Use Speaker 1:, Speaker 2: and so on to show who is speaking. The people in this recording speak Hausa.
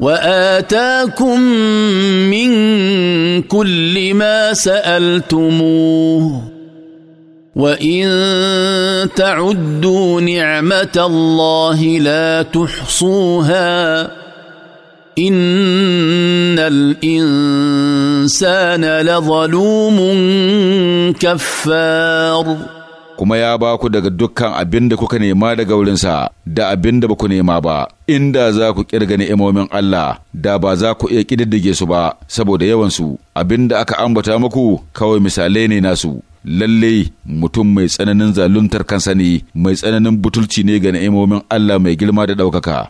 Speaker 1: واتاكم من كل ما سالتموه وان تعدوا نعمه الله لا تحصوها ان الانسان لظلوم
Speaker 2: كفار kuma ya ba ku daga dukkan abin da kuka nema daga wurinsa da abin da ba ku nema ba inda za ku kirga ni'imomin Allah da ba za ku iya ƙididdige su ba saboda yawansu abin da aka ambata muku kawai misalai ne nasu lalle mutum mai tsananin zaluntar kansa ne mai tsananin butulci ne ga ni'imomin Allah mai girma da ɗaukaka